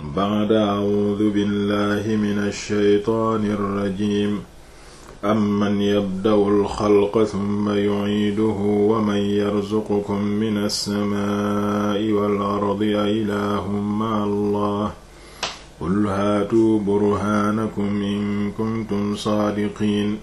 ba'da a'uudu billahi mina shaytaani rajiim amman yabda'u al-xalqa summa yu'iiduhu wa man yarzuqukum mina as-samaa'i wal ardi a ilaahun ma'a Allaah qul haatuu burhaanakum in kuntum saadiqiin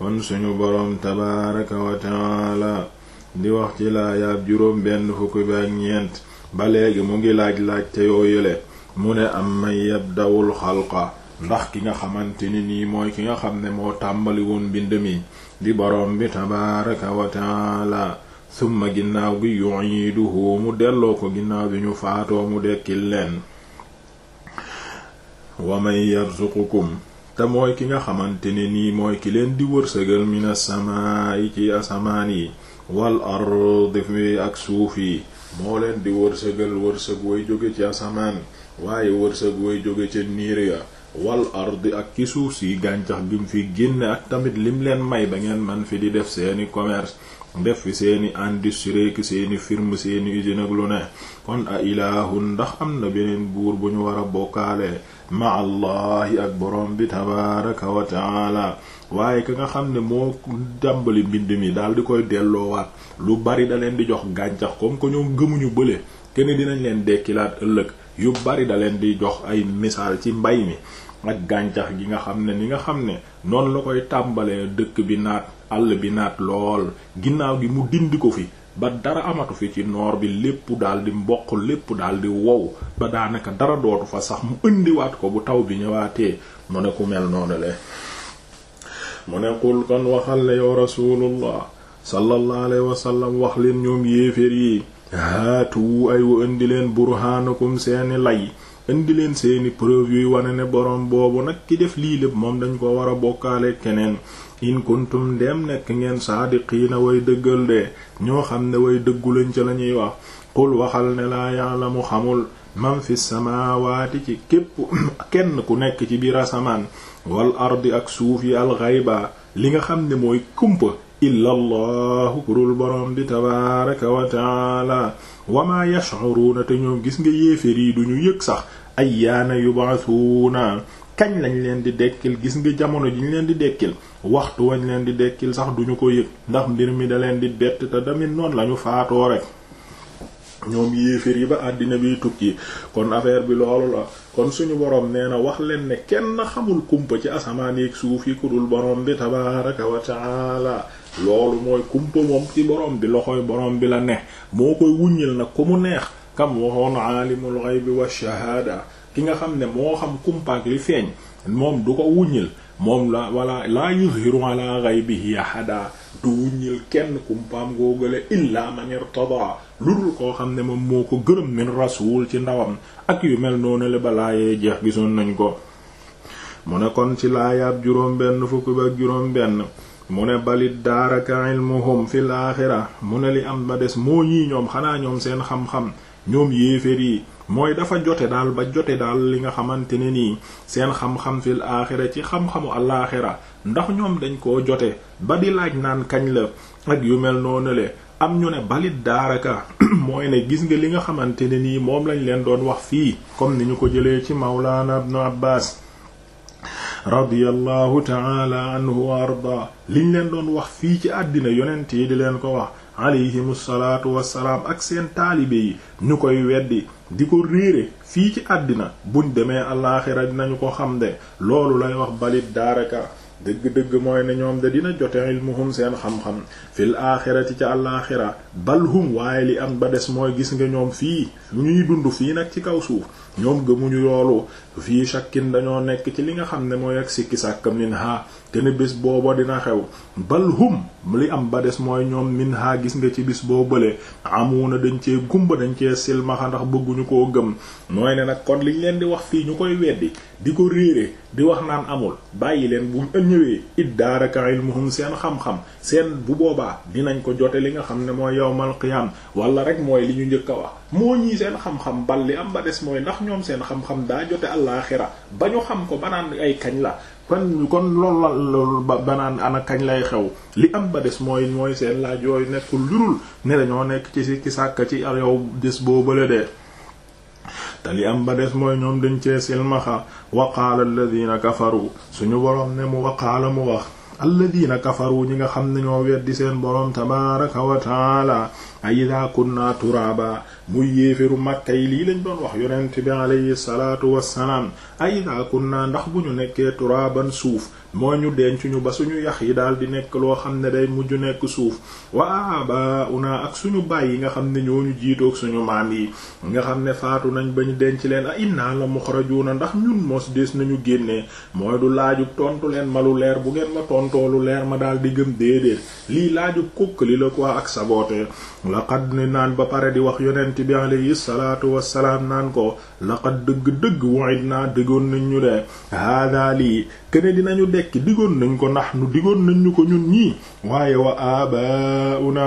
kon suñu boroom tabaaraka wa ta'aala di wax ci laayaab juróom benn fukki ba ak ñeent ba léegi mu ngi laaj laaj te yoo yële mu ne am man yabdawul xalqa ndax ki nga xamante ni nii mooy ki nga xam ne moo tàmbali woon mbind mi di boroom bi tabaaraka wa taala summa ginnaaw gi yu'iiduhu mu delloo ko ginaaw bi ñu faatoo mu dekkil leen wa man yarzuqukum te mooy ki nga xamante ni nii mooy ki leen di wërsëgal mina samaa'i ci asamaan yi wal ardi fi ak suuf yi moo leen di wërsëgal wërsëg wooy jóge ci asamaan waaye wërsëg wooy jóge ca niir ya wal ardi ak ci suuf si gàncax gi mu fi génne ak tamit mu leen may ba ngeen man fi di def seeni commerce def fi seeni industrie ki seeni firme seeni usine ak lu ne kon a ilaahun ndax am na beneen buur bu ñu war a bokkaale ma allahi ak borom bi tabaraka wa waaye ka nga xam ne moo dàmbali mbind mi daal di koy delloowaat lu bari da leen di jox gàncax comme que ñoom gëmuñu bële kenn dinañ leen dekkilaat ëllëg yu bari da leen di jox ay misaal ci mbay mi ak gàncax gi nga xam ne ni nga xam ne noonu la koy tàmbalee dëkk bi naat àll bi naat lool ginnaaw gi mu dindi ko fi ba dara amatu fi ci noor bi lépp daal di mboq lépp daal di wow ba daanaka dara dootu fa sax mu indiwaat ko bu taw bi ñëwaatee mu ne ku mel noonu le mu ne qul kon waxal ne yow rasulullah sallallahu alayhi wax leen ñoom yéeféer yi haatu ay wa indi leen burhanakum seeni lay indi leen seeni preuve yuy wane ne boroom boobu nag ki def lii lépp moom dañ ko war a bokkaale keneen in kuntum dem nekk ngeen yi na way dëggal de ñoo xam ne way dëggu lañ ca la ñuy wax qul waxal ne laa mu xamul man fi samaawaati ci képp kenn ku nekk ci biir asamaan wal ardi ak suuf yi alxayba li nga xam ne mooy kumpa illa allahu kurul borom bi tabaraka wa taala wamaa yash'uruna te ñoom gis nga yéefér yi du ñu yëg sax ayyaana yub'athuna kañ lañ leen di dekkil gis ngi jamono ji ñu leen di dekkil waxtu wañ leen di dekkil sax duñu ko yëg ndax mbir mi da leen di bett te damit noonu lañu faatoo rek ñoom yéefér yi ba àddina biy tukki kon affaire bi loolu la kon suñu borom nee wax leen kenn xamul kumpa ci asamaan yeeg suuf yi ku borom bi tabaraka wa loolu mooy kumpa moom ci borom bi loxoy boroom bi la ne moo koy wuññil nag ku mu neex kam waxoon aalimul ghaybi wa shahaada ki nga xam ne moo xam kumpaak li feeñ moom du ko wuññil moom la wala laa yuzhiru ala ghaybihi ahada du wuññil kenn kumpaam googale illa man irtada lu dul koo xam ne moom moo ko gërëm min rasul ci ndawam ak yu mel noonu la balaa yee jeex gisoon nañ ko mu ne kon ci laayaab juróom benn fukki ba juróom benn mu ne balit daaraka ilmuhum fil aaxira mu ne li am ba des moo ñii ñoom xanaa ñoom seen xam-xam ñoom yéeféer yi mooy dafa jote daal ba jote daal li nga xamante ne nii seen xam-xam fil aaxira ci xam-xamu alaaxira ndax ñoom dañ koo jote ba di laaj naan kañ la ak yu mel noonu am ñu ne balit daaraka mooy ne gis nga li nga xamante ne nii moom lañ leen doon wax fii comme ni ñu ko jëlee ci Mawlaana Ibnu Abbaas radiyallahu taala anhu wa arda liñ leen doon wax fii ci àddina yonent yi di leen ko wax alayhimu salaatu wassalaam ak seen taalibe yi ñu koy weddi di ko réere fii ci àddina buñ demee alaaxira dinañu ko xam de loolu lay wax balit daaraka dëgg-dëgg mooy ne ñoom de dina jote ilmuhum seen xam-xam fil aaxirati ca alaaxira balhum waaye li am ba des mooy gis nga ñoom fii ñuy dund fii nag ci kaw suuf ñoom gëmuñu yoolu fii shakkin dañoo nekk ci li nga xam ne mooy ak sikki sàkkam nin ha ne bés booba dina xew bal hum li am ba des mooy ñoom min ha gis nga ci bis boo bële amuuna dañ cee gumba dañ cee silmaxa ndax bëgguñu ko gëm mooy ne nag kon liñ leen di wax fii ñu koy weddi di ko réere di wax naan amul bàyyi leen bu ñëwee it iddaaraka ilmuhum seen xam-xam seen bu boobaa dinañ ko jote li nga xam ne mooy yawmal qiyam wala rek mooy li ñu njëkk a moo ñii seen xam-xam bal li am ba des mooy ndax ñoom seen xam-xam daa jote àllaaxira ba ñu xam ko banaan ay kañ la kon kon loolu la loolu ba banaan ana kañ lay xew li am ba des mooy mooy seen laaj yooyu nekkul lurul ne dañoo nekk ci si ci sàkk ci yow des boobale dee te li am ba des mooy ñoom dañ cee silmaxa waqaala alladina kafaru suñu boroom ne mu waqaala mu wax alladina kafaru ñi nga xam ne ñoo weddi seen boroom tabaraka wa taala ayida kunna turaba muy yéeféru màkka yi lii lañ doon wax yonent bi alayhi salaatu wassalaam ayida kunna ndax bu ñu nekkee turaban suuf mooy ñu denc ñu ba suñu yax yi daal di nekk loo xam ne day mujj nekk suuf waa aba una ak suñu baay yi nga xam ne ñu jiitoog suñu maam yi nga xam ne faatu nañ bañ denc leen a inna la muxrajuuna ndax ñun mos des nañu génnee mooy du laaju tontu leen malu leer bu ngeen ma tontoolu leer ma daal di gëm déedéet lii laaju kukk li la quoi ak saboter laqad ne naan ba pare di wax yonent bi alayhi salaatu wassalaam naan ko laqad dëgg-dëgg wa'id naa digoon nañ ñu de haada lii kene dinañu dekki digoon nañ ko ndax nu digoon nañ ñu ko ñun ñii waaye wa abauna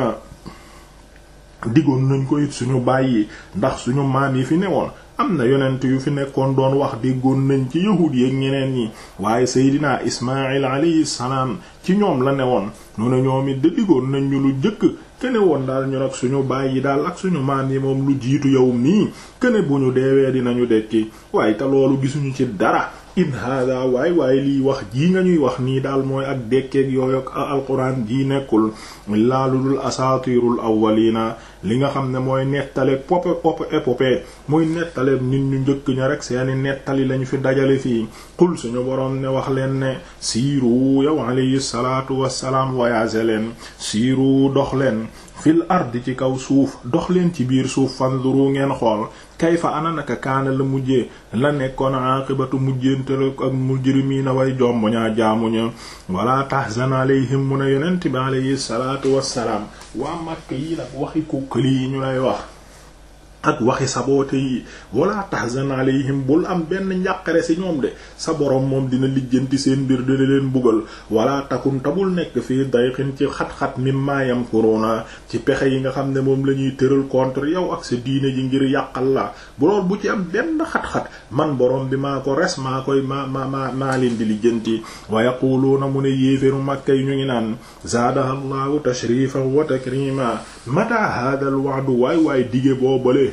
digoon nañ ko it suñu bàyyi ndax suñu maam yi fi ne woon am na yonent yu fi nekkoon doon wax déggoon nañ ci yahuud yi ak ñeneen ñi waaye seydinaa ismail alayhi salaam ci ñoom la ne woon ñu ne ñoom it diggoon nañ ñu lu jëkk kene woon daal ñu nag suñu baay yi daal ak suñu maan yi moom lu jiitu yow nii kene bu ñu deewee dinañu dekki waaye te loolu gisuñu ci dara in hada waay waay lii wax jii nga ñuy wax nii daal mooy ak dekkeeg yooyu ak alquran jii nekkul illaa lu dul asaatirul awwalina li nga xam ne mooy nettale pope pope épopée muy nettale nit ñu njëkk ña rek seeni nettali lañu fi dajale fii qul suñu boroom ne wax leen ne siiru yow alayhi salaatu wassalaam voyage leen siiru dox leen fil ard ci kaw suuf dox leen ci biir suuf fan fanzuru ngeen xool kayfa ana naka kaana la mujjee la nekkoon aqibatu mujjéntala ak mujrimiina way jomb ñaa jaamu ña wala tahzan alayhim mu ne yonent bi alayhi salaatu wassalaam waa Makka yi nag waxi kukkali yi ñu lay wax ak waxi saboote yi wala tahzan alayhim bul am benn njàqare si ñoom de sa boroom moom dina lijjanti seen mbir dina leen bugal wala takun tabul nekk fii dayqin ci xat-xat mimma yamkuruna ci pexe yi nga xam ne moom la ñuy tëral contre yow ak sa diine ji ngir yàqal la bu lool bu ci am benn xat-xat man boroom bi ma ko res maa koy ma ma ma maa leen di lijjanti wa yaquluuna mu ne yéeféru màkka yi ñu ngi naan zaadaha allahu tashrifan wa takrima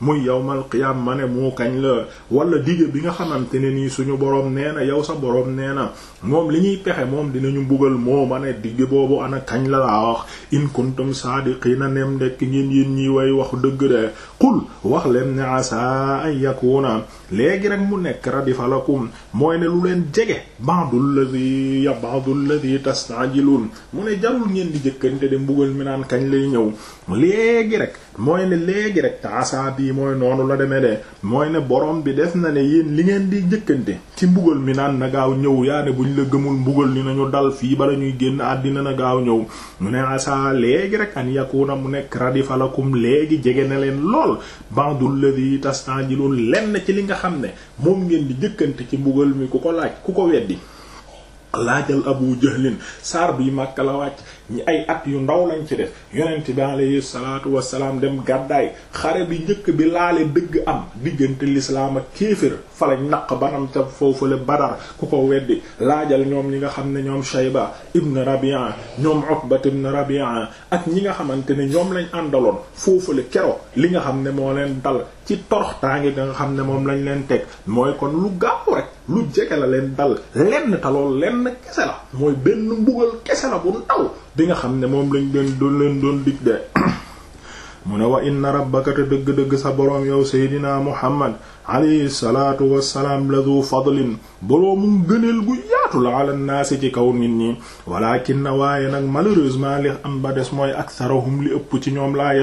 muy yawmal qiyaam ma ne mu kañ la wala digg bi nga xamante ne nii suñu boroom nee na yow sa boroom nee na moom li ñuy pexe moom dinañu mbugal moo ma ne digg boobu ana kañ la laa wax in kuntum saadiqiina nem ndekk ngeen yéen ñi way wax dëgg de qul wax leen ne asaa an yakuuna léegi rek mu nekk radifa lakum mooy ne lu leen jege ba'dul ladhi ya ba'dul ladhi tasta'jilun mu ne jarul ngeen di jëkkante de mbugal mi naan kañ lay ñëw léegi rek mooy ne léegi rek taasaa bi mooy noonu la demee de mooy ne boroom bi def na ne yéen li ngeen di jëkkante ci mbugal mi naan na gaaw ñëw yaa ne buñ la gëmul mbugal ni nañu dal fii bala ñuy génn àddina na gaaw ñëw mu ne asa léegi rek an na mu nekk radifalakum léegi jege na leen lool bandul ladi tastajilun lenn ci li nga xam ne moom ngeen di njëkkante ci mbugal mi ku ko laaj ku ko weddi laajal abu jahlin saar bi màkka la wàcc ñi ay at yu ndaw lañ ci def yonent bi alayhi salaatu wasalaam dem gàddaay xare bi njëkk bi laale dëgg am diggante lislaam ak kéefër fa naq banam ca foofule badar ku ko weddi laajal ñoom ñi nga xam ne ñoom shayba ibn rabia ñoom utbat ibn rabia ak ñi nga xamante ne ñoom lañ àndaloon foofule kero li nga xam ne moo leen dal ci toroxtaange nga xam ne moom lañ leen teg mooy kon lu gaaw rek lu jege la leen dal lenn te loolu lenn kese la mooy benn mbugal kese la bu ndaw bi nga xam ne moom lañ leen doon leen doon dig de mu ne wa inna rabbaka te dëgg-dëgg sa boroom yow seydinaa muhammad alayhi salaatu wassalaam la du fadlin boroomu ngëneel gu waratul ala naasi ci kaw nit ñi walakin na waaye nag malheureusement li am ba des mooy ak aksarahum li ëpp ci ñoom laa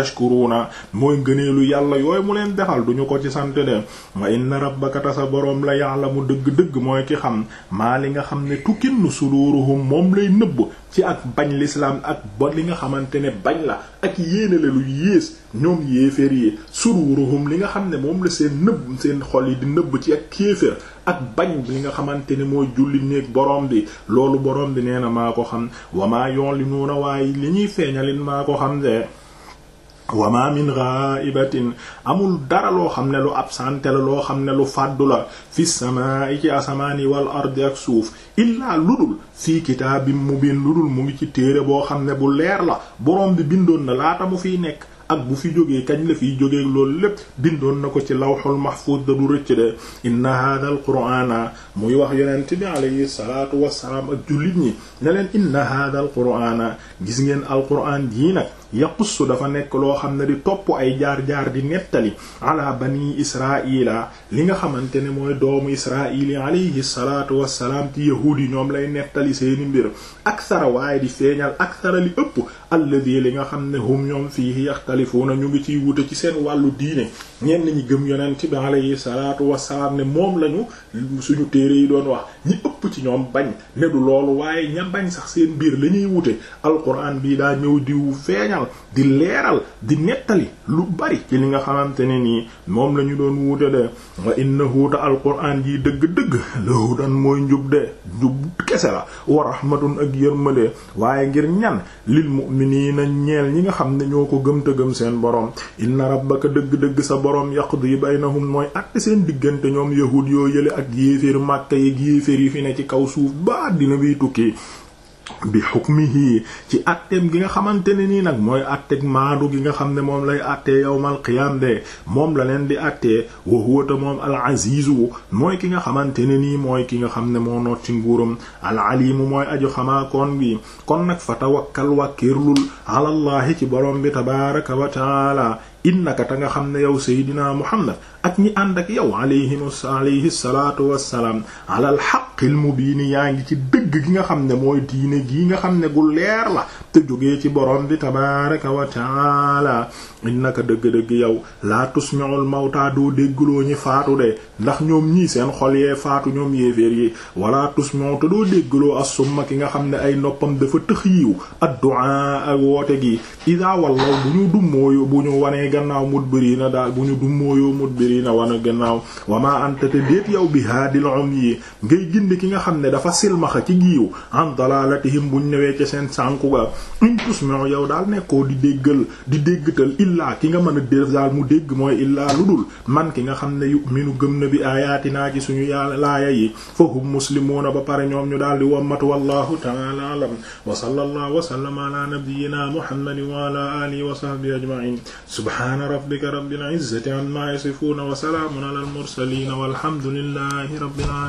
na mooy lu yàlla yooyu mu leen dexal duñu ko ci sant de wa inna rabbaka sa boroom la mu dëgg-dëgg mooy ki xam maa li nga xam ne tukinnu suduruhum moom lay nëbb ci ak bañ l'islam ak bot li nga xamante ne bañ la ak yéenale lu yées ñoom yéeféer yi sururuhum li nga xam ne moom la seen nëbb seen xol yi di nëbb ci ak kéeféer ak bañ li nga xamante ne mooy julli néeg boroom bi loolu borom bi nee na maa ko xam wamaa yoon li nuuna waaye li ñuy feeñalin maa ko xam de wama min ibatin amul dara loo xam ne lu absente la loo xam ne lu fàddu la fi samaa'i ci asamaani wal ardi ak suuf illaa ludul fii kitaabim mubin ludul mu ngi ci téere boo xam ne bu leer la borom bi bindoon na laata mu nekk ak bu fi jógee kañ la fiy jógee loolu lépp bindoon na ko ci lawhul mahfuz da du rëcc de inna hadha al qur'ana muy wax yonent bi alayhi salatu wassalaam ak jullit ñi ne leen inna hadha al qur'ana gis ngeen al qur'an yii nag yaqussu dafa nekk loo xam ne di topp ay jaar-jaar di nettali ala bani israila li nga xamante ne mooy doomu israil yi alayhi salatu wassalaam ci yahuud yi ñoom lay nettali seeni mbir aksara waaye di feeñal aksara li ëpp alladi li nga xam ne hum ñoom fiihi yaxtalifuuna ñu ngi ciy wute ci seen wàllu diine ñenn ñi gëm yonent bi alayhi salaatu wasalaam ne moom lañu suñu téere yi doon wax ñi ëpp ci ñoom bañ ne du loolu waaye ña bañ sax seen biir la ñuy wute alquran bii daa ñëw diwu feeñal di leeral di nettali lu bari ci li nga xamante ne nii moom la ñu doon wuute de wa innahu ta alquran jii dëgg-dëgg la hudan mooy njub de njub kese la wa rahmatun ak yërmale waaye ngir ñan lil na ñeel ñi nga xam ne ñoo ko gëm te gëm seen borom inna rabbaka dëgg boroom yaqdi baynahum mooy àtte seen diggante ñoom yahud yoo yële ak yéeféer màkka yeeg yéeféer yi fi ne ci kaw suuf ba dina biy tukki bi mi hukmihi ci atteem gi nga xamante ne nii nag mooy atteg maadu gi nga xam ne moom lay attee yawmal qiyaam de moom la leen di attee wa moom al azizu mooy ki nga xamante ne nii mooy ki nga xam ne moo noot ci nguuram al alimu mooy aju xamaakoon bi kon nag fa tawakkal wàkkirlul alallahi ci borom bi innaka te nga xam ne yow seydina muhammad ak ñi ànd ak yow alayhim alayhi salaatu wassalaam alal xaqil mubiini yaa ngi ci dëgg gi nga xam ne mooy diine gii nga xam ne gu leer la te jógee ci borom bi tabaraka wa taala innaka dëgg-dëgg yow laa tusmi'ul mawta doo déggloo ñi faatu de ndax ñoom ñii seen xol yee faatu ñoom yéeféer yi wala tusmi'u te doo déggloo assumma ki nga xam ne ay noppam dafa tëx yiw ad-du'a ak woote gi ida wallaw bu ñu dummóoyu bu ñu wanee gannaaw mudbirina daal bu ñu dummóoyu mudbirina wane gannaaw wama anta te déet yow bi haadil um yi ngay gindi ki nga xam ne dafa silmaxa ci giiw an dalalatihim seen sànku in tusmi'u yow daal nekkoo di déggal di déggtal illaa ki nga mën a daal mu dégg mooy illaa lu dul man ki nga xam ne yu'minu gëm na bi ayatinaa ci suñu yàlla laaya yi fa hum muslimuuna ba pare ñoom ñu daal di wammatu wallahu ta'ala a'lam wa sallallahu wa sallama ala nabiyyina muhammadin wa ala alihi wa sahbihi ajma'in subhana rabbika rabbil izzati amma yasifun wa salamun ala al mursalin walhamdulillahi rabbil alamin